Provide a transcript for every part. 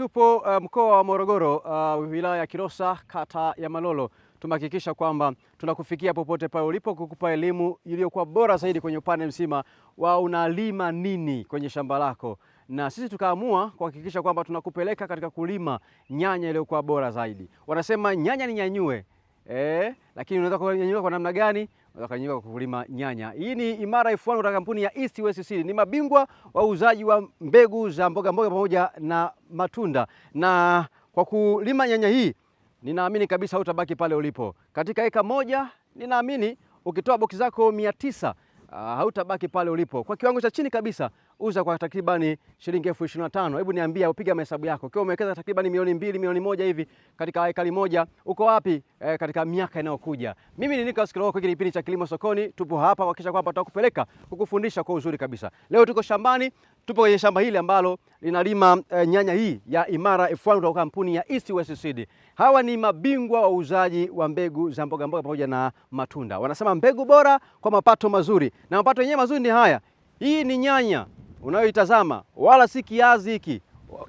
Tupo uh, mkoa wa Morogoro uh, wilaya ya Kilosa kata ya Malolo. Tumehakikisha kwamba tunakufikia popote pale ulipo kukupa elimu iliyokuwa bora zaidi kwenye upande mzima wa unalima nini kwenye shamba lako, na sisi tukaamua kuhakikisha kwamba tunakupeleka katika kulima nyanya iliyokuwa bora zaidi. Wanasema nyanya ni nyanyue eh, lakini unaweza kunyanyuka kwa namna gani? Unaweza kunyanyuka kwa kulima nyanya. Hii ni Imara F1 kutoka kampuni ya East West Seed. Ni mabingwa wa uuzaji wa mbegu za mboga mboga pamoja na matunda, na kwa kulima nyanya hii ninaamini kabisa utabaki pale ulipo. Katika eka moja ninaamini ukitoa boksi zako mia tisa uh, hautabaki pale ulipo. Kwa kiwango cha chini kabisa uza kwa takribani shilingi elfu ishirini na tano. Hebu niambia, upiga mahesabu yako, ukiwa umewekeza takribani milioni mbili milioni moja hivi katika ekari moja, uko wapi e, katika miaka inayokuja? Mimi ni Nicholas Kiloko, kile kipindi cha Kilimo Sokoni. Tupo hapa kuhakikisha kwamba tutakupeleka kukufundisha kwa uzuri kabisa. Leo tuko shambani, tupo kwenye shamba hili ambalo linalima e, nyanya hii ya Imara F1 kutoka kampuni ya East West Seed. Hawa ni mabingwa wa wauzaji wa mbegu za mboga mboga pamoja na matunda, wanasema mbegu bora kwa mapato mazuri, na mapato yenyewe mazuri ni haya. Hii ni nyanya unayoitazama wala si kiazi hiki.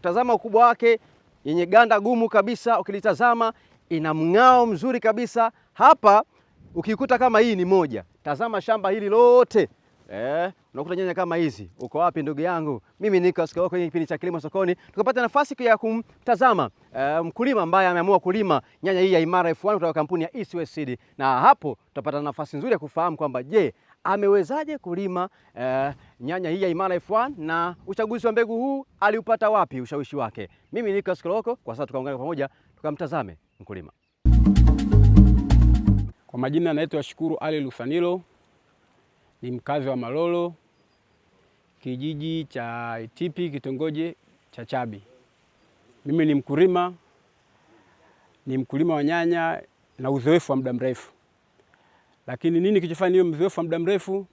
Tazama ukubwa wake, yenye ganda gumu kabisa, ukilitazama ina mng'ao mzuri kabisa. Hapa ukikuta kama hii ni moja, tazama shamba hili lote eh, unakuta nyanya kama hizi. Uko wapi ndugu yangu? Mimi niko sikao kwenye kipindi cha Kilimo Sokoni, tukapata nafasi ya kumtazama eh, mkulima ambaye ameamua kulima nyanya hii ya Imara F1 kutoka kampuni ya East West Seed, na hapo tutapata nafasi nzuri ya kufahamu kwamba je, amewezaje kulima eh, nyanya hii ya Imara F1 na uchaguzi wa mbegu huu aliupata wapi, ushawishi wake. Mimi ni Kiroko, kwa sasa tukaungana pamoja tukamtazame mkulima. Kwa majina anaitwa Shukuru Ali Lufanilo, ni mkazi wa Malolo, kijiji cha Itipi, kitongoji cha Chabi. Mimi ni mkulima, ni mkulima wa nyanya na uzoefu wa muda mrefu. Lakini nini kilichofanya niwe mzoefu wa muda mrefu?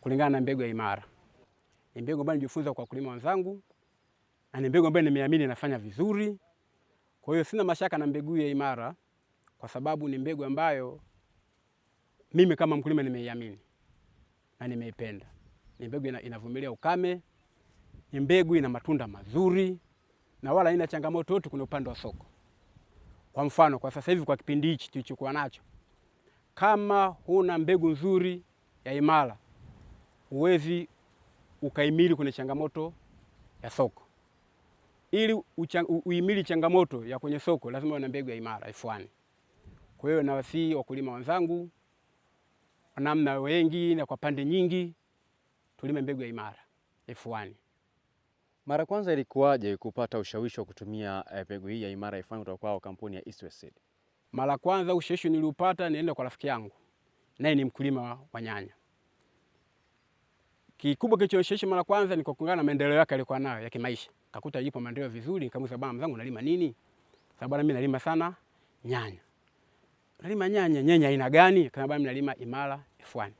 Kulingana na mbegu ya Imara. Ni mbegu ambayo nilijifunza kwa wakulima wenzangu na ni mbegu ambayo nimeamini inafanya vizuri. Kwa hiyo sina mashaka na mbegu ya Imara kwa sababu ni mbegu ambayo mimi kama mkulima nimeiamini na nimeipenda. Ni mbegu inavumilia ukame, ni mbegu ina matunda mazuri na wala haina changamoto yoyote kwenye upande wa soko. Kwa mfano, kwa sasa hivi, kwa kipindi hichi tulichokuwa nacho, kama huna mbegu nzuri ya Imara huwezi ukaimili kwenye changamoto ya soko. Ili uimili changamoto ya kwenye soko, lazima una mbegu ya imara ifuane. Kwa hiyo nawasihi wakulima wenzangu, namna wengi na kwa pande nyingi, tulime mbegu ya imara ifuani. Mara kwanza ilikuwaje kupata ushawishi wa kutumia eh, mbegu hii ya imara ifuani kutoka kwa kampuni ya Eastwest Seed? Mara kwanza ushawishi niliupata, nienda kwa rafiki yangu, naye ni mkulima wa nyanya. Kikubwa kilichonishawishi mara kwanza ni kwa kuungana na maendeleo yake alikuwa nayo ya kimaisha. Kakuta yupo maendeleo vizuri, nikamuuliza bwana mzangu unalima nini? Sababu bwana mimi nalima sana nyanya. Nalima nyanya, nyanya aina gani? Kana bwana nalima Imara F1.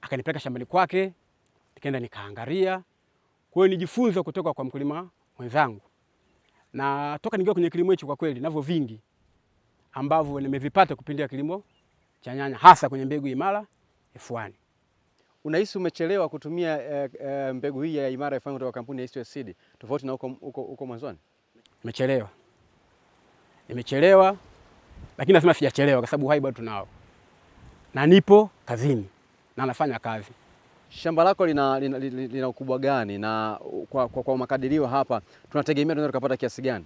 Akanipeleka shambani kwake, nikaenda nikaangalia. Kwa hiyo nijifunze kutoka kwa mkulima mwenzangu. Na toka ningia kwenye kilimo hicho kwa kweli navyo vingi ambavyo nimevipata kupindia kilimo cha nyanya hasa kwenye mbegu Imara F1 unahisi umechelewa kutumia e, e, mbegu hii ya Imara FM kutoka kampuni ya East West Seed tofauti na huko huko huko mwanzoni? Nimechelewa, nimechelewa, lakini nasema sijachelewa kwa sababu hai bado tunao na nipo kazini na nafanya kazi. Shamba lako lina, lina, lina, lina ukubwa gani na kwa, kwa, kwa makadirio hapa tunategemea tunaweza tukapata kiasi gani?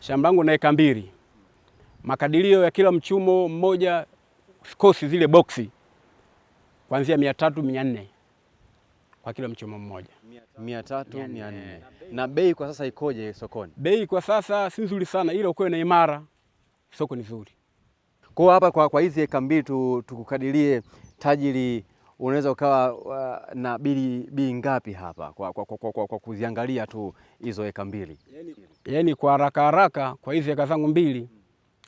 Shamba langu na eka mbili, makadirio ya kila mchumo mmoja, kosi zile boksi kuanzia mia tatu mia nne kwa kilo mchomo mmoja, mia tatu mia nne Na bei kwa sasa ikoje sokoni? Bei kwa sasa si nzuri sana, ila ukiwe na imara, soko ni zuri. Kwa hapa kwa kwa hizi eka mbili tukukadirie, tajiri, unaweza ukawa uh, na bili bi ngapi hapa kwa, kwa, kwa, kwa, kwa, kwa kuziangalia tu hizo eka mbili? yani yaani kwa haraka haraka, kwa hizi eka zangu mbili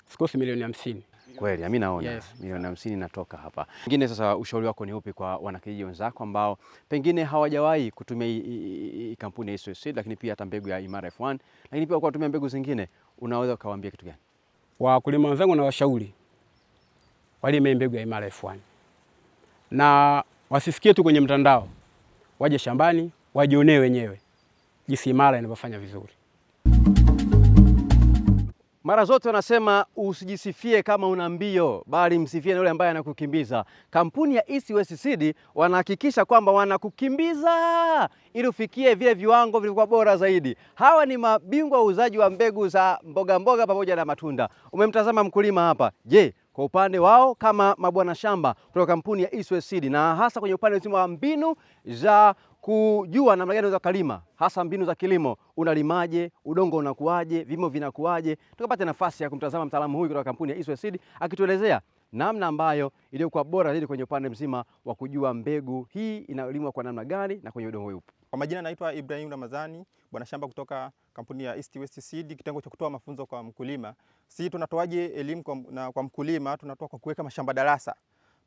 sikosi milioni hamsini. Kweli, mimi naona yes. Milioni hamsini inatoka hapa. Pengine sasa ushauri wako ni upi kwa wanakijiji wenzako ambao pengine hawajawahi kutumia hii kampuni ya Soy Seed, lakini pia hata mbegu ya Imara F1, lakini pia kwa kutumia mbegu zingine, unaweza ukawaambia kitu gani? Wakulima wenzangu na washauri walime mbegu ya Imara F1 na wasisikie tu kwenye mtandao, waje shambani wajionee wenyewe jinsi Imara inavyofanya vizuri. Mara zote wanasema usijisifie kama una mbio, bali msifie na yule ambaye anakukimbiza. Kampuni ya East West Seed wanahakikisha kwamba wanakukimbiza ili ufikie vile viwango vilivyokuwa bora zaidi. Hawa ni mabingwa uzaji wa mbegu za mboga mboga pamoja na matunda. Umemtazama mkulima hapa. Je, kwa upande wao kama mabwana shamba kutoka kampuni ya East West Seed na hasa kwenye upande mzima wa mbinu za kujua namna gani unaweza kulima, hasa mbinu za kilimo. Unalimaje? udongo unakuaje? vimo vinakuaje? tukapata nafasi ya kumtazama mtaalamu huyu kutoka kampuni ya Iswe Seed akituelezea namna ambayo iliyokuwa bora zaidi kwenye upande mzima wa kujua mbegu hii inalimwa kwa namna gani na kwenye udongo upi. Kwa majina naitwa Ibrahim Ramadhani, bwana shamba kutoka kampuni ya East West Seed, kitengo cha kutoa mafunzo kwa mkulima. Sisi tunatoaje elimu kwa, na, kwa mkulima? Tunatoa kwa kuweka mashamba darasa,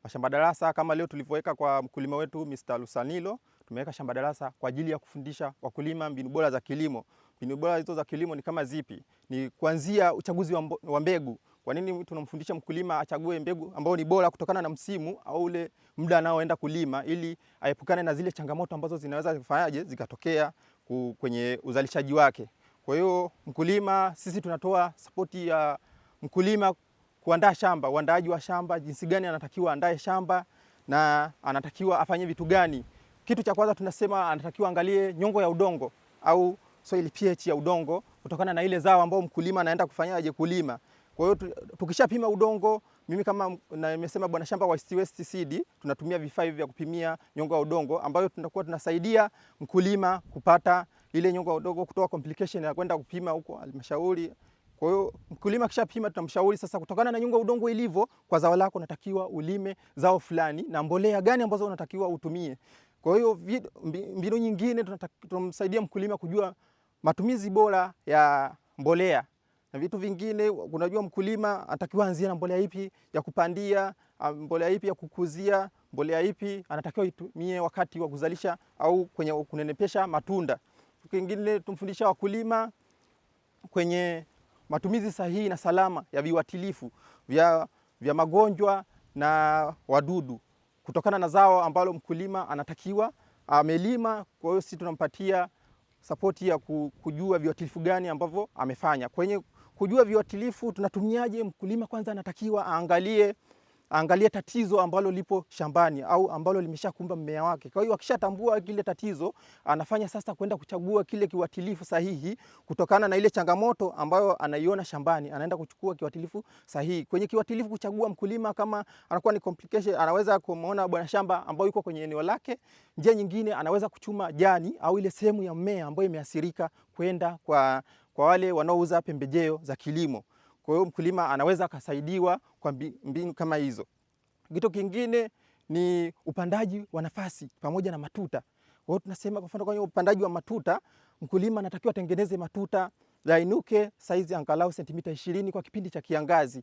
mashamba darasa kama leo tulivyoweka kwa mkulima wetu Mr. Lusanilo tumeweka shamba darasa kwa ajili ya kufundisha wakulima mbinu bora za kilimo. Mbinu bora hizo za kilimo ni kama zipi? Ni kuanzia uchaguzi wa mbegu. Kwa nini tunamfundisha mkulima achague mbegu ambayo ni bora kutokana na msimu au ule muda anaoenda kulima, ili aepukane na zile changamoto ambazo zinaweza kufanyaje zikatokea kwenye uzalishaji wake. Kwa hiyo mkulima, sisi tunatoa sapoti ya mkulima kuandaa shamba, uandaaji wa shamba, jinsi gani anatakiwa aandae shamba na anatakiwa afanye vitu gani kitu cha kwanza tunasema anatakiwa angalie nyongo ya udongo au soil pH ya udongo kutokana na ile zao ambao mkulima anaenda kufanyaje kulima. Kwa hiyo tukishapima udongo, mimi kama nimesema bwana shamba wa East West Seed tunatumia vifaa hivi vya kupimia nyongo ya udongo ambayo tunakuwa tunasaidia mkulima kupata ile nyongo ya udongo kutoa complication ya kwenda kupima huko halmashauri. Kwa hiyo mkulima kishapima, tunamshauri sasa, kutokana na nyongo ya udongo ilivyo kwa zao lako, unatakiwa ulime zao fulani na mbolea gani ambazo unatakiwa utumie. Kwa hiyo mbinu nyingine tunamsaidia mkulima kujua matumizi bora ya mbolea na vitu vingine. Unajua mkulima anatakiwa anzie na mbolea ipi ya kupandia, mbolea ipi ya kukuzia, mbolea ipi anatakiwa itumie wakati wa kuzalisha au kwenye kunenepesha matunda. Kingine tumfundisha wakulima kwenye matumizi sahihi na salama ya viuatilifu vya, vya magonjwa na wadudu kutokana na zao ambalo mkulima anatakiwa amelima. Kwa hiyo sisi tunampatia sapoti ya kujua viuatilifu gani ambavyo amefanya. Kwenye kujua viuatilifu tunatumiaje, mkulima kwanza anatakiwa aangalie aangalie tatizo ambalo lipo shambani au ambalo limeshakumba mmea wake. Kwa hiyo akishatambua kile tatizo, anafanya sasa kwenda kuchagua kile kiuatilifu sahihi kutokana na ile changamoto ambayo anaiona shambani, anaenda kuchukua kiuatilifu sahihi. Kwenye kiuatilifu kuchagua, mkulima kama anakuwa ni complication, anaweza kumuona bwana shamba ambao yuko kwenye eneo lake. Njia nyingine, anaweza kuchuma jani au ile sehemu ya mmea ambayo imeathirika kwenda kwa, kwa wale wanaouza pembejeo za kilimo. Kwa hiyo mkulima anaweza akasaidiwa kwa mbinu kama hizo. Kitu kingine ni upandaji wa nafasi pamoja na matuta. Kwa hiyo tunasema kwa mfano kwenye upandaji wa matuta, mkulima anatakiwa atengeneze matuta yainuke saizi angalau sentimita ishirini kwa kipindi cha kiangazi,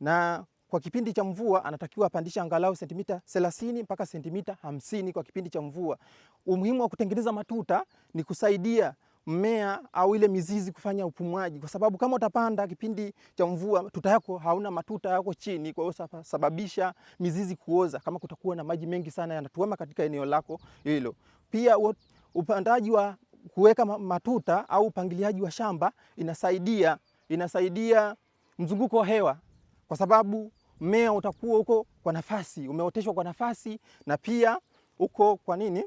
na kwa kipindi cha mvua anatakiwa apandishe angalau sentimita thelathini mpaka sentimita hamsini kwa kipindi cha mvua. Umuhimu wa kutengeneza matuta ni kusaidia mmea au ile mizizi kufanya upumwaji kwa sababu kama utapanda kipindi cha mvua, tuta yako hauna matuta yako chini, kwa hiyo sababisha mizizi kuoza kama kutakuwa na maji mengi sana yanatuama katika eneo lako hilo. Pia upandaji wa kuweka matuta au upangiliaji wa shamba inasaidia inasaidia mzunguko wa hewa kwa sababu mmea utakuwa huko kwa nafasi, umeoteshwa kwa nafasi na pia uko kwa nini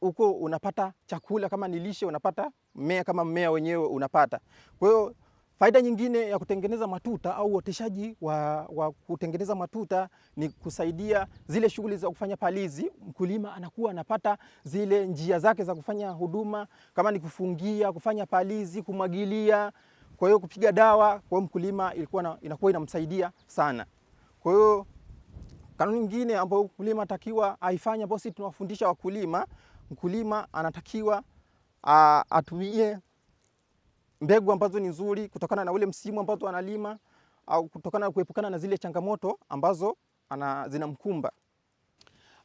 huko unapata chakula kama nilishe, unapata mmea kama mmea wenyewe unapata. Kwa hiyo faida nyingine ya kutengeneza matuta au uoteshaji wa, wa kutengeneza matuta ni kusaidia zile shughuli za kufanya palizi. Mkulima anakuwa anapata zile njia zake za kufanya huduma kama ni kufungia, kufanya palizi, kumwagilia, kwa hiyo kupiga dawa. Kwa hiyo mkulima ilikuwa na, inakuwa inamsaidia sana. Kwa hiyo kanuni nyingine ambayo mkulima atakiwa aifanye, ambayo sisi tunawafundisha wakulima mkulima anatakiwa a, atumie mbegu ambazo ni nzuri kutokana na ule msimu ambazo analima au kutokana na kuepukana na zile changamoto ambazo ana, zinamkumba.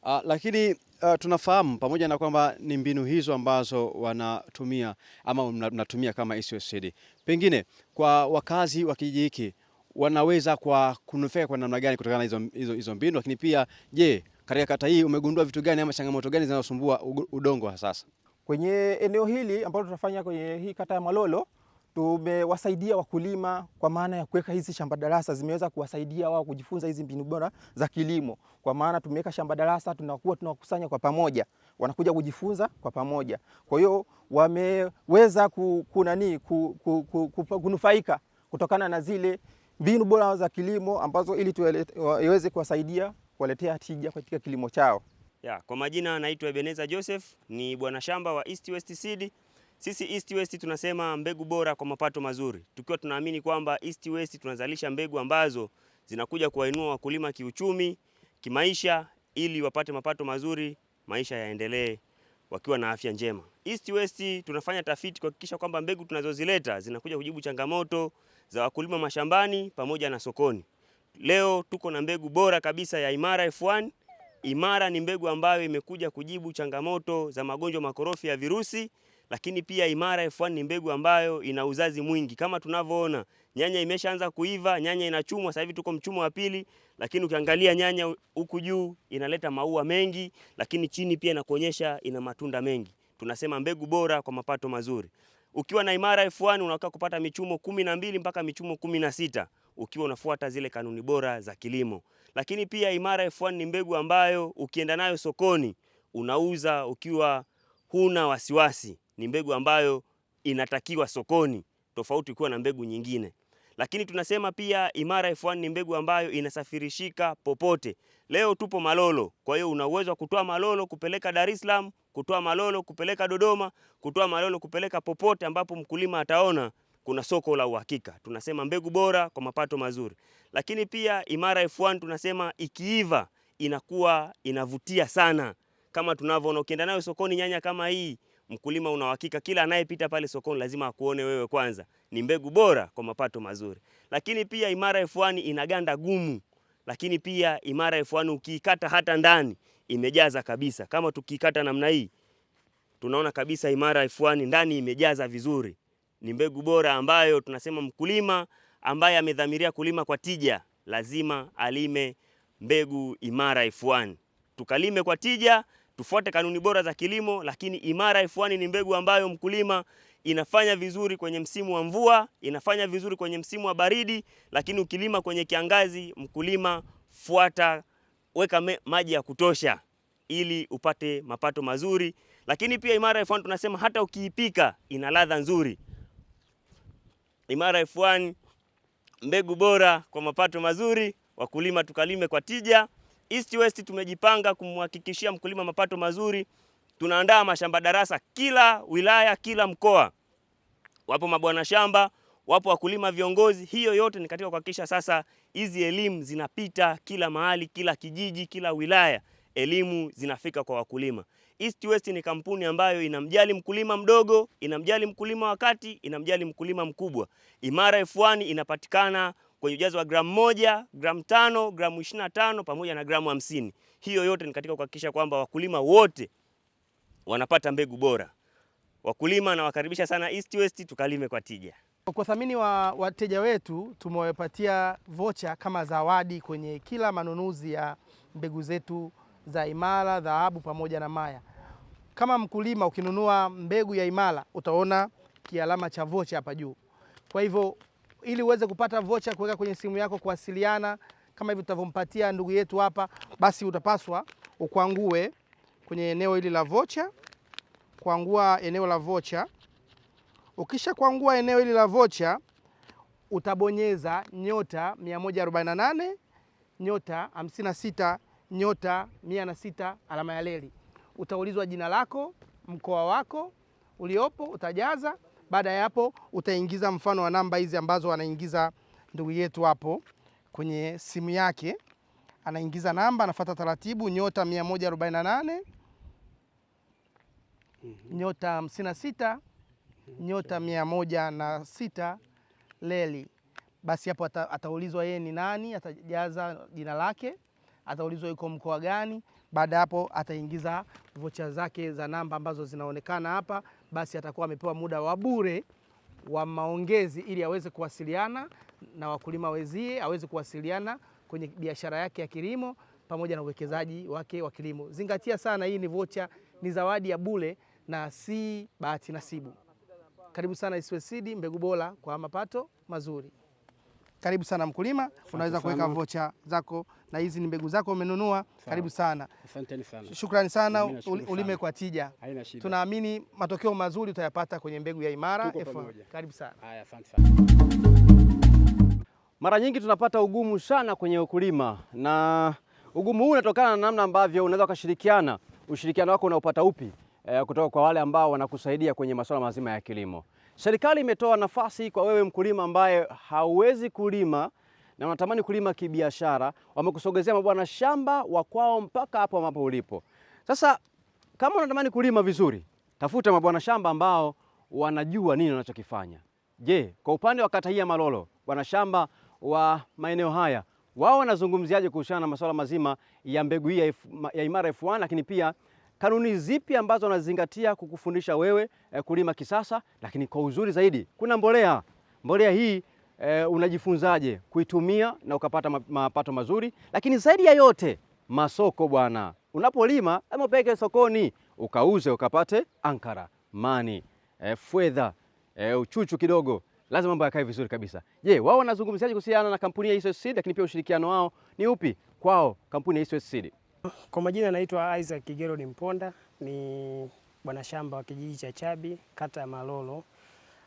Uh, lakini uh, tunafahamu pamoja na kwamba ni mbinu hizo ambazo wanatumia ama mnatumia kama ECOCD, pengine kwa wakazi wa kijiji hiki wanaweza kwa kunufaika kwa namna gani kutokana na hizo, hizo, hizo mbinu, lakini pia je katika kata hii umegundua vitu gani ama changamoto gani zinazosumbua udongo sasa? Kwenye eneo hili ambalo tutafanya kwenye hii kata ya Malolo tumewasaidia wakulima kwa maana ya kuweka hizi shamba darasa, zimeweza kuwasaidia wao kujifunza hizi mbinu bora za kilimo. Kwa maana tumeweka shamba darasa, tunakuwa tunawakusanya kwa pamoja, wanakuja kujifunza kwa pamoja. Kwa hiyo wameweza kunani ku, ku, ku, ku, ku, kunufaika kutokana na zile mbinu bora za kilimo ambazo ili tuweze kuwasaidia kuwaletea tija katika kilimo chao. Ya, kwa majina anaitwa Ebeneza Joseph, ni bwana shamba wa East West Seed. Sisi East West tunasema mbegu bora kwa mapato mazuri, tukiwa tunaamini kwamba East West tunazalisha mbegu ambazo zinakuja kuwainua wakulima kiuchumi, kimaisha, ili wapate mapato mazuri, maisha yaendelee wakiwa na afya njema. East West tunafanya tafiti kuhakikisha kwamba mbegu tunazozileta zinakuja kujibu changamoto za wakulima mashambani pamoja na sokoni. Leo tuko na mbegu bora kabisa ya Imara F1. Imara ni mbegu ambayo imekuja kujibu changamoto za magonjwa makorofi ya virusi, lakini pia Imara F1 ni mbegu ambayo ina uzazi mwingi. Kama tunavyoona, nyanya imeshaanza kuiva, nyanya inachumwa sasa hivi, tuko mchumo wa pili, lakini ukiangalia nyanya huku juu inaleta maua mengi, lakini chini pia inakuonyesha ina matunda mengi. Tunasema mbegu bora kwa mapato mazuri. Ukiwa na Imara F1 unaweza kupata michumo kumi na mbili mpaka michumo kumi na sita ukiwa unafuata zile kanuni bora za kilimo. Lakini pia Imara F1 ni mbegu ambayo ukienda nayo sokoni unauza ukiwa huna wasiwasi. Ni mbegu ambayo inatakiwa sokoni, tofauti kuwa na mbegu nyingine. Lakini tunasema pia Imara F1 ni mbegu ambayo inasafirishika popote. Leo tupo Malolo, kwa hiyo una uwezo wa kutoa Malolo kupeleka Dar es Salaam, kutoa Malolo kupeleka Dodoma, kutoa Malolo kupeleka popote ambapo mkulima ataona kuna soko la uhakika. Tunasema mbegu bora kwa mapato mazuri, lakini pia Imara F1 tunasema ikiiva inakuwa inavutia sana, kama tunavyoona ukienda nayo sokoni, nyanya kama hii, mkulima una uhakika, kila anayepita pale sokoni lazima akuone wewe kwanza, ni mbegu bora kwa mapato mazuri. Lakini pia Imara F1 ina ganda gumu, lakini pia Imara F1 ukiikata hata ndani imejaza kabisa. Kama tukikata namna hii, tunaona kabisa Imara F1 ndani imejaza vizuri ni mbegu bora ambayo tunasema mkulima ambaye amedhamiria kulima kwa tija lazima alime mbegu Imara F1. Tukalime kwa tija, tufuate kanuni bora za kilimo, lakini Imara F1 ni mbegu ambayo mkulima inafanya vizuri kwenye msimu wa mvua, inafanya vizuri kwenye msimu wa baridi, lakini ukilima kwenye kiangazi, mkulima fuata, weka maji ya kutosha ili upate mapato mazuri. Lakini pia Imara F1 tunasema hata ukiipika ina ladha nzuri. Imara F1 mbegu bora kwa mapato mazuri, wakulima tukalime kwa tija. East West tumejipanga kumhakikishia mkulima mapato mazuri. Tunaandaa mashamba darasa kila wilaya, kila mkoa. Wapo mabwana shamba, wapo wakulima viongozi. Hiyo yote ni katika kuhakikisha sasa hizi elimu zinapita kila mahali, kila kijiji, kila wilaya, elimu zinafika kwa wakulima. East West ni kampuni ambayo inamjali mkulima mdogo, inamjali mkulima wa kati, inamjali mkulima mkubwa. Imara F1 inapatikana kwenye ujazo wa gramu moja, gramu tano, gramu 25 pamoja na gramu hamsini. Hiyo yote ni katika kuhakikisha kwamba wakulima wote wanapata mbegu bora. Wakulima nawakaribisha sana East West, tukalime kwa tija. Kwa thamini wa wateja wetu tumewapatia vocha kama zawadi kwenye kila manunuzi ya mbegu zetu za Imara, dhahabu pamoja na Maya. Kama mkulima ukinunua mbegu ya Imara utaona kialama cha vocha hapa juu. Kwa hivyo ili uweze kupata vocha kuweka kwenye simu yako, kuwasiliana kama hivi tutavyompatia ndugu yetu hapa, basi utapaswa ukwangue kwenye eneo hili la vocha, kwangua eneo la vocha. Ukisha kwangua eneo hili la vocha utabonyeza nyota 148 nyota 56 nyota mia na sita alama ya leli. Utaulizwa jina lako, mkoa wako uliopo, utajaza. Baada ya hapo, utaingiza mfano wa namba hizi ambazo anaingiza ndugu yetu hapo kwenye simu yake, anaingiza namba, anafuata taratibu, nyota 148 mhm. nyota 56 nyota 106 leli. Basi hapo ata, ataulizwa yeye ni nani, atajaza jina lake ataulizwa yuko mkoa gani. Baada hapo ataingiza vocha zake za namba ambazo zinaonekana hapa, basi atakuwa amepewa muda wa bure wa maongezi ili aweze kuwasiliana na wakulima wezie, aweze kuwasiliana kwenye biashara yake ya kilimo pamoja na uwekezaji wake wa kilimo. Zingatia sana, hii ni vocha, ni zawadi ya bure na si bahati nasibu. Karibu sana Isiwe Seed, mbegu bora kwa mapato mazuri. Karibu sana mkulima, unaweza kuweka vocha zako na hizi ni mbegu zako umenunua. Karibu sana, asanteni sana, shukrani sana, ulime kwa tija. Tunaamini matokeo mazuri utayapata kwenye mbegu ya Imara F1. Karibu sana. Haya, asante sana. Mara nyingi tunapata ugumu sana kwenye ukulima, na ugumu huu unatokana na namna ambavyo unaweza ukashirikiana. Ushirikiano wako unaopata upi e, kutoka kwa wale ambao wanakusaidia kwenye masuala mazima ya kilimo? Serikali imetoa nafasi kwa wewe mkulima ambaye hauwezi kulima na wanatamani kulima kibiashara, wamekusogezea mabwana shamba wa kwao mpaka hapo ambapo ulipo. Sasa kama unatamani kulima vizuri, tafuta mabwana shamba ambao wanajua nini wanachokifanya. Je, kwa upande wa kata hii ya Malolo, bwana shamba wa maeneo haya wao wanazungumziaje kuhusiana na masuala mazima ya mbegu hii ya Imara F1, lakini pia kanuni zipi ambazo wanazingatia kukufundisha wewe eh, kulima kisasa? Lakini kwa uzuri zaidi, kuna mbolea. Mbolea hii e, unajifunzaje kuitumia na ukapata mapato mazuri, lakini zaidi ya yote masoko bwana. Unapolima ama peke sokoni ukauze ukapate ankara mani e, eh, fedha e, uchuchu kidogo, lazima mambo yakae vizuri kabisa. Je, wao wanazungumziaje kuhusiana na kampuni ya East Seed, lakini pia ushirikiano wao ni upi kwao kampuni ya East Seed? Kwa majina naitwa Isaac Kigero ni Mponda, ni bwana shamba wa kijiji cha Chabi, kata ya Malolo,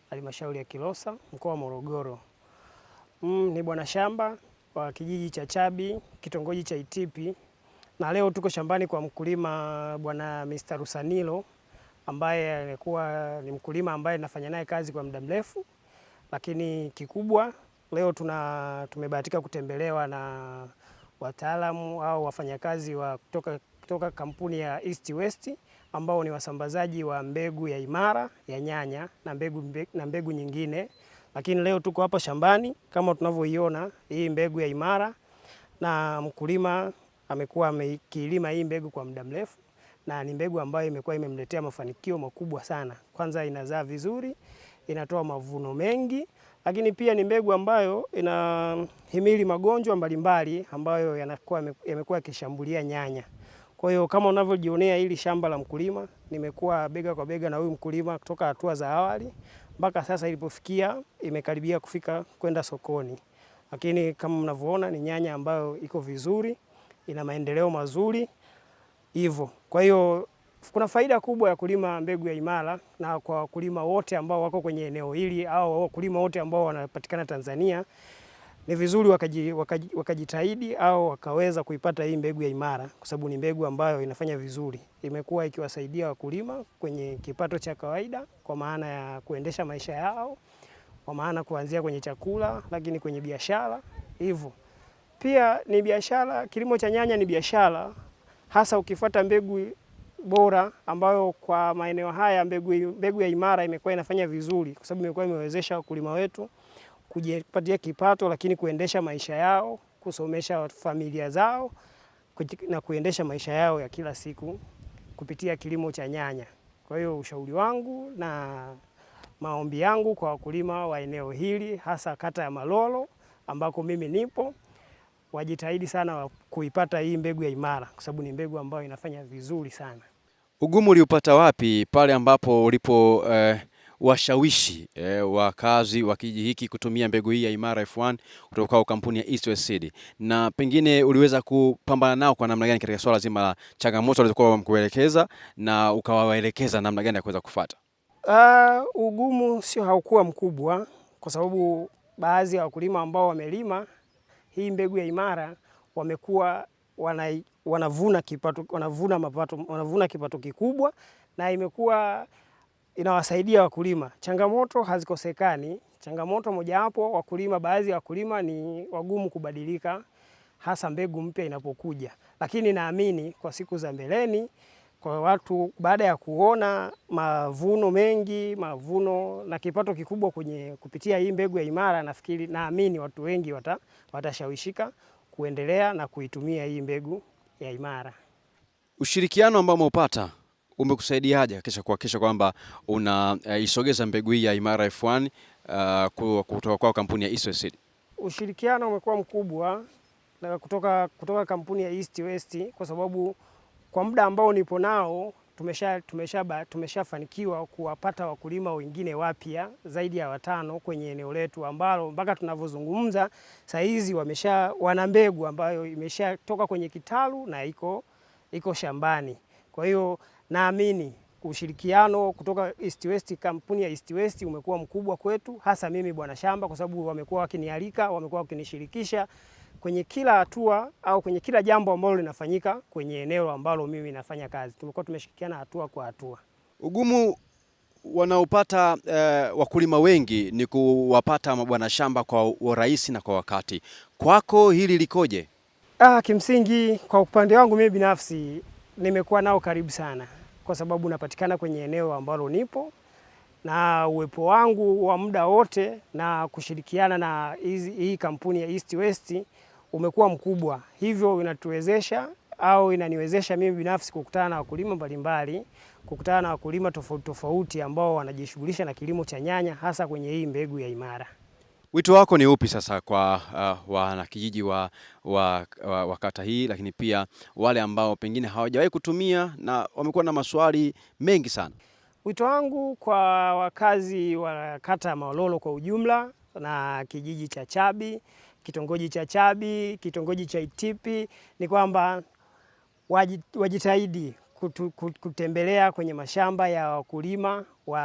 halmashauri ya Kilosa, mkoa wa Morogoro. Mm, ni bwana shamba wa kijiji cha Chabi kitongoji cha Itipi, na leo tuko shambani kwa mkulima bwana Mr. Rusanilo ambaye alikuwa ni mkulima ambaye nafanya naye kazi kwa muda mrefu, lakini kikubwa leo tuna tumebahatika kutembelewa na wataalamu au wafanyakazi wa kutoka, kutoka kampuni ya East West ambao ni wasambazaji wa mbegu ya imara ya nyanya na mbegu, na mbegu nyingine lakini leo tuko hapa shambani kama tunavyoiona hii mbegu ya Imara, na mkulima amekuwa amekilima hii mbegu kwa muda mrefu, na ni mbegu ambayo imekuwa imemletea mafanikio makubwa sana. Kwanza inazaa vizuri, inatoa mavuno mengi, lakini pia ni mbegu ambayo inahimili magonjwa mbalimbali ambayo yanakuwa yamekuwa yakishambulia nyanya. Kwa hiyo kama unavyojionea hili shamba la mkulima, nimekuwa bega kwa bega na huyu mkulima kutoka hatua za awali mpaka sasa ilipofikia imekaribia kufika kwenda sokoni, lakini kama mnavyoona ni nyanya ambayo iko vizuri, ina maendeleo mazuri hivyo. Kwa hiyo kuna faida kubwa ya kulima mbegu ya Imara na kwa wakulima wote ambao wako kwenye eneo hili au wakulima wote ambao wanapatikana Tanzania ni vizuri wakajitahidi wakaji, wakaji au wakaweza kuipata hii mbegu ya Imara kwa sababu ni mbegu ambayo inafanya vizuri, imekuwa ikiwasaidia wakulima kwenye kipato cha kawaida, kwa maana ya kuendesha maisha yao, kwa maana kuanzia kwenye chakula, lakini kwenye biashara hivyo pia ni biashara. Kilimo cha nyanya ni biashara, hasa ukifuata mbegu bora ambayo kwa maeneo haya mbegu, mbegu ya Imara imekuwa inafanya vizuri kwa sababu imekuwa imewezesha wakulima wetu kujipatia kipato, lakini kuendesha maisha yao, kusomesha familia zao na kuendesha maisha yao ya kila siku kupitia kilimo cha nyanya. Kwa hiyo ushauri wangu na maombi yangu kwa wakulima wa eneo hili hasa kata ya Malolo ambako mimi nipo, wajitahidi sana kuipata hii mbegu ya Imara kwa sababu ni mbegu ambayo inafanya vizuri sana. Ugumu uliupata wapi pale ambapo ulipo eh washawishi e, eh, wakazi wa kijiji hiki kutumia mbegu hii ya Imara F1 kutoka kwa kampuni ya East West Seed, na pengine uliweza kupambana nao kwa namna gani katika swala zima la changamoto walizokuwa wamkuelekeza na ukawaelekeza namna gani ya kuweza kufuata? Uh, ah, ugumu sio haukuwa mkubwa kwa sababu baadhi ya wakulima ambao wamelima hii mbegu ya Imara wamekuwa wanavuna kipato, wanavuna mapato, wanavuna kipato kikubwa na imekuwa inawasaidia wakulima. Changamoto hazikosekani. Changamoto mojawapo wakulima, baadhi ya wakulima ni wagumu kubadilika, hasa mbegu mpya inapokuja, lakini naamini kwa siku za mbeleni kwa watu baada ya kuona mavuno mengi, mavuno na kipato kikubwa kwenye kupitia hii mbegu ya Imara, nafikiri naamini watu wengi wata, watashawishika kuendelea na kuitumia hii mbegu ya Imara. Ushirikiano ambao umeupata umekusaidiaje kisha kuhakikisha kwamba unaisogeza eh, uh, mbegu hii ya Imara F1 uh, eh, kutoka kwao kampuni ya East West? Ushirikiano umekuwa mkubwa na kutoka, kutoka kampuni ya East West kwa sababu kwa muda ambao nipo nao tumeshafanikiwa tumesha, tumesha kuwapata wakulima wengine wapya zaidi ya watano kwenye eneo letu ambalo mpaka tunavyozungumza saa hizi wamesha wana mbegu ambayo imeshatoka kwenye kitalu na iko, iko shambani. Kwa hiyo naamini ushirikiano kutoka East West, kampuni ya East West umekuwa mkubwa kwetu, hasa mimi bwana shamba, kwa sababu wamekuwa wakinialika, wamekuwa wakinishirikisha kwenye kila hatua au kwenye kila jambo ambalo linafanyika kwenye eneo ambalo mimi nafanya kazi. Tumekuwa tumeshirikiana hatua kwa hatua. Ugumu wanaopata uh, wakulima wengi ni kuwapata mabwana shamba kwa urahisi na kwa wakati. Kwako hili likoje? Ah, kimsingi kwa upande wangu mimi binafsi nimekuwa nao karibu sana, kwa sababu napatikana kwenye eneo ambalo nipo na uwepo wangu wa muda wote na kushirikiana na hii kampuni ya East West umekuwa mkubwa, hivyo inatuwezesha au inaniwezesha mimi binafsi kukutana na wakulima mbalimbali, kukutana na wakulima tofauti tofauti ambao wanajishughulisha na kilimo cha nyanya hasa kwenye hii mbegu ya Imara. Wito wako ni upi sasa kwa uh, wanakijiji wa, wa, wa, wa kata hii lakini pia wale ambao pengine hawajawahi kutumia na wamekuwa na maswali mengi sana? Wito wangu kwa wakazi wa kata ya maololo kwa ujumla na kijiji cha Chabi, kitongoji cha Chabi, kitongoji cha Itipi ni kwamba wajitahidi kutembelea kwenye mashamba ya wakulima wa,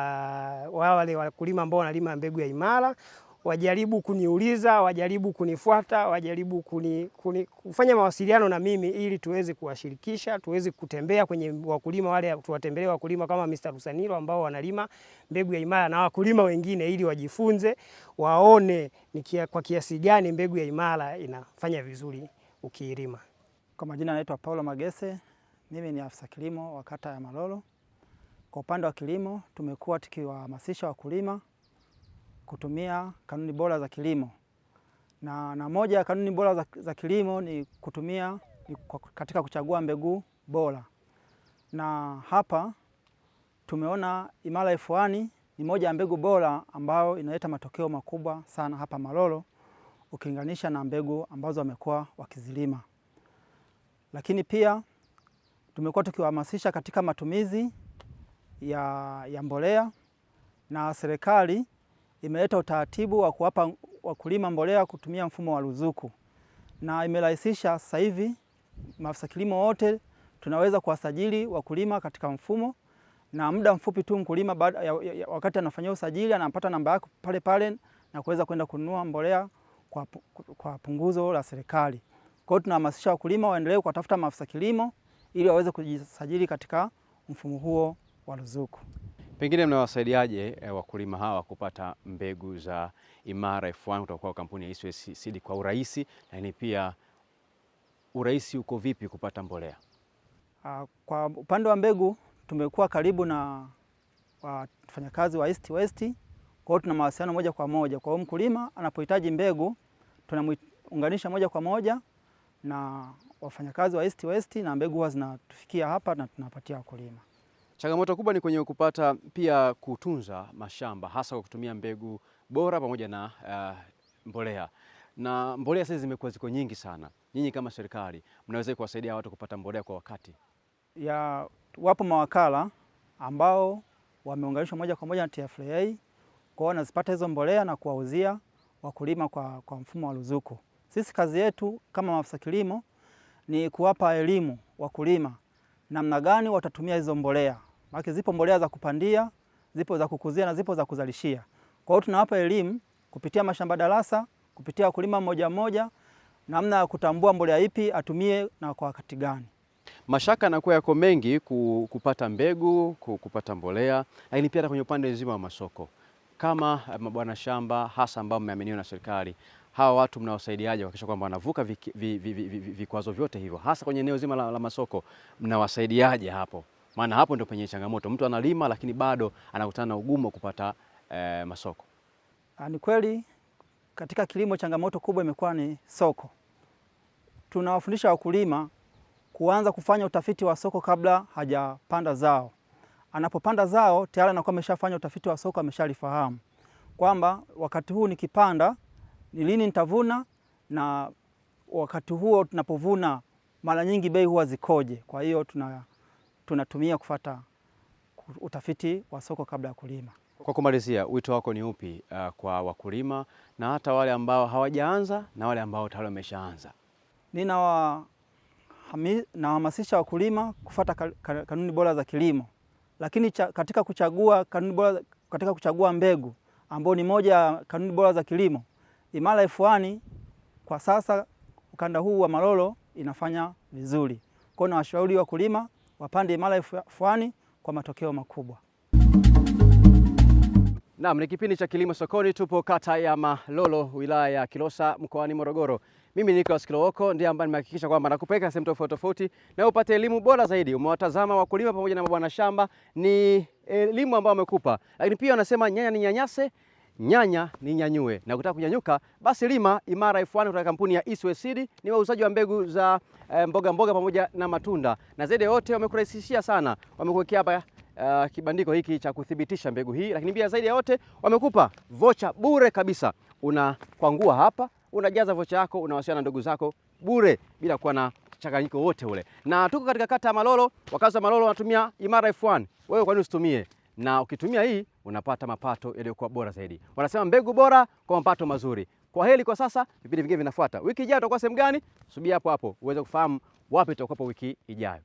wa wale wakulima ambao wanalima mbegu ya Imara wajaribu kuniuliza, wajaribu kunifuata, wajaribu kuni, kuni, kufanya mawasiliano na mimi ili tuweze kuwashirikisha, tuweze kutembea kwenye wakulima wale, tuwatembelee wakulima kama Mr. Lusanilo ambao wanalima mbegu ya Imara na wakulima wengine ili wajifunze, waone ni kia, kwa kiasi gani mbegu ya Imara inafanya vizuri ukiilima. Kwa majina anaitwa Paulo Magese, mimi ni afisa kilimo wa kata ya Malolo. Kwa upande wa kilimo tumekuwa tukiwahamasisha wakulima kutumia kanuni bora za kilimo na, na moja ya kanuni bora za, za kilimo ni kutumia ni katika kuchagua mbegu bora, na hapa tumeona Imara F1 ni moja ya mbegu bora ambayo inaleta matokeo makubwa sana hapa Malolo ukilinganisha na mbegu ambazo wamekuwa wakizilima. Lakini pia tumekuwa tukiwahamasisha katika matumizi ya, ya mbolea na serikali imeleta utaratibu wa kuwapa wakulima mbolea kutumia mfumo wa ruzuku na imerahisisha sasa hivi maafisa kilimo wote tunaweza kuwasajili wakulima katika mfumo, na muda mfupi tu mkulima baada ya, ya, ya, wakati anafanyia usajili anapata namba yako pale pale na kuweza kwenda kununua mbolea kwa, kwa punguzo la serikali. Kwa hiyo tunahamasisha wakulima waendelee kuwatafuta maafisa kilimo ili waweze kujisajili katika mfumo huo wa ruzuku. Pengine mnawasaidiaje eh, wakulima hawa kupata mbegu za Imara F1 kutoka kwa kampuni ya East Seed kwa urahisi, lakini pia urahisi uko vipi kupata mbolea? Ah, kwa upande wa mbegu tumekuwa karibu na wafanyakazi wa East West, kwa hiyo tuna mawasiliano moja kwa moja. Kwa hiyo mkulima anapohitaji mbegu tunamuunganisha moja kwa moja na wafanyakazi wa East West na mbegu huwa zinatufikia hapa na tunapatia wakulima. Changamoto kubwa ni kwenye kupata pia kutunza mashamba hasa kwa kutumia mbegu bora pamoja na uh, mbolea na mbolea sasa zimekuwa ziko nyingi sana. Nyinyi kama serikali mnaweza kuwasaidia watu kupata mbolea kwa wakati? Ya, wapo mawakala ambao wameunganishwa moja kwa moja na TFRA, kwao wanazipata hizo mbolea na kuwauzia wakulima kwa, kwa mfumo wa ruzuku. Sisi kazi yetu kama maafisa kilimo ni kuwapa elimu wakulima namna gani watatumia hizo mbolea. Maana zipo mbolea za kupandia, zipo za kukuzia na zipo za kuzalishia. Kwa hiyo tunawapa elimu kupitia mashamba darasa, kupitia wakulima mmoja mmoja, namna ya kutambua mbolea ipi atumie na kwa wakati gani. Mashaka yanakuwa yako mengi kupata mbegu, kupata mbolea, lakini pia hata kwenye upande mzima wa masoko, kama eh, mabwana shamba hasa ambao mmeaminiwa na serikali hawa watu mnawasaidiaje kuhakikisha kwamba wanavuka vikwazo vyote hivyo, hasa kwenye eneo zima la, la masoko? Mnawasaidiaje hapo? Maana hapo ndio penye changamoto, mtu analima lakini bado anakutana na ugumu wa kupata eh, masoko. Ah, ni kweli katika kilimo changamoto kubwa imekuwa ni soko. Tunawafundisha wakulima kuanza kufanya utafiti wa soko kabla hajapanda zao. Anapopanda zao tayari anakuwa ameshafanya utafiti wa soko, ameshalifahamu kwamba wakati huu nikipanda ni lini nitavuna na wakati huo tunapovuna mara nyingi bei huwa zikoje. Kwa hiyo tuna, tunatumia kufata utafiti wa soko kabla ya kulima. Kwa kumalizia, wito wako ni upi uh, kwa wakulima na hata wale ambao hawajaanza na wale ambao tayari wameshaanza? Ninawahamasisha wakulima kufata kanuni bora za kilimo, lakini cha, katika kuchagua kanuni bora katika kuchagua mbegu ambao ni moja ya kanuni bora za kilimo Imara F1 kwa sasa ukanda huu wa Malolo inafanya vizuri. Kwa hiyo na washauri wakulima wapande Imara F1 kwa matokeo makubwa. Naam, ni kipindi cha Kilimo Sokoni, tupo kata ya Malolo wilaya ya Kilosa mkoani Morogoro. Mimi ni Nicholas Kilowoko ndiye ambaye nimehakikisha kwamba nakupeleka sehemu tofauti tofauti na upate elimu bora zaidi. Umewatazama wakulima pamoja na mabwana shamba, ni elimu ambayo wamekupa, lakini pia wanasema nyanya ni nyanyase nyanya ni nyanyue na kutaka kunyanyuka, basi lima Imara F1 kutoka kampuni ya Eastway Seed. Ni wauzaji wa mbegu za e, mboga mboga pamoja na matunda, na zaidi yote wamekurahisishia sana, wamekuwekea hapa Uh, kibandiko hiki cha kuthibitisha mbegu hii, lakini pia zaidi ya yote wamekupa vocha bure kabisa. Unakwangua hapa, unajaza vocha yako, unawasiliana na ndugu zako bure bila kuwa na changanyiko wote ule, na tuko katika kata ya Malolo. Wakazi wa Malolo wanatumia Imara F1, wewe kwa nini usitumie? na ukitumia hii unapata mapato yaliyokuwa bora zaidi. Wanasema mbegu bora kwa mapato mazuri. Kwa heli kwa sasa, vipindi vingine vinafuata. Wiki ijayo tutakuwa sehemu gani? Subia hapo hapo uweze kufahamu wapi tutakuwa wiki ijayo.